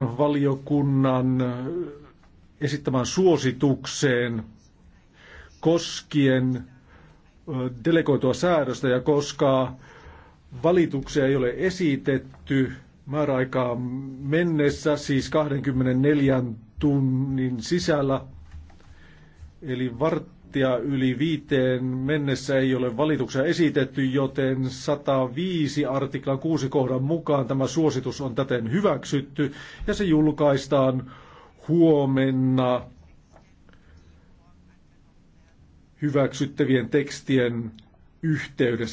valiokunnan esittämään suositukseen koskien delegoitua säädöstä ja koska valituksia ei ole esitetty määräaikaan mennessä, siis 24 tunnin sisällä, Eli varttia yli viiteen mennessä ei ole valituksia esitetty, joten 105 artiklan 6 kohdan mukaan tämä suositus on täten hyväksytty ja se julkaistaan huomenna hyväksyttävien tekstien yhteydessä.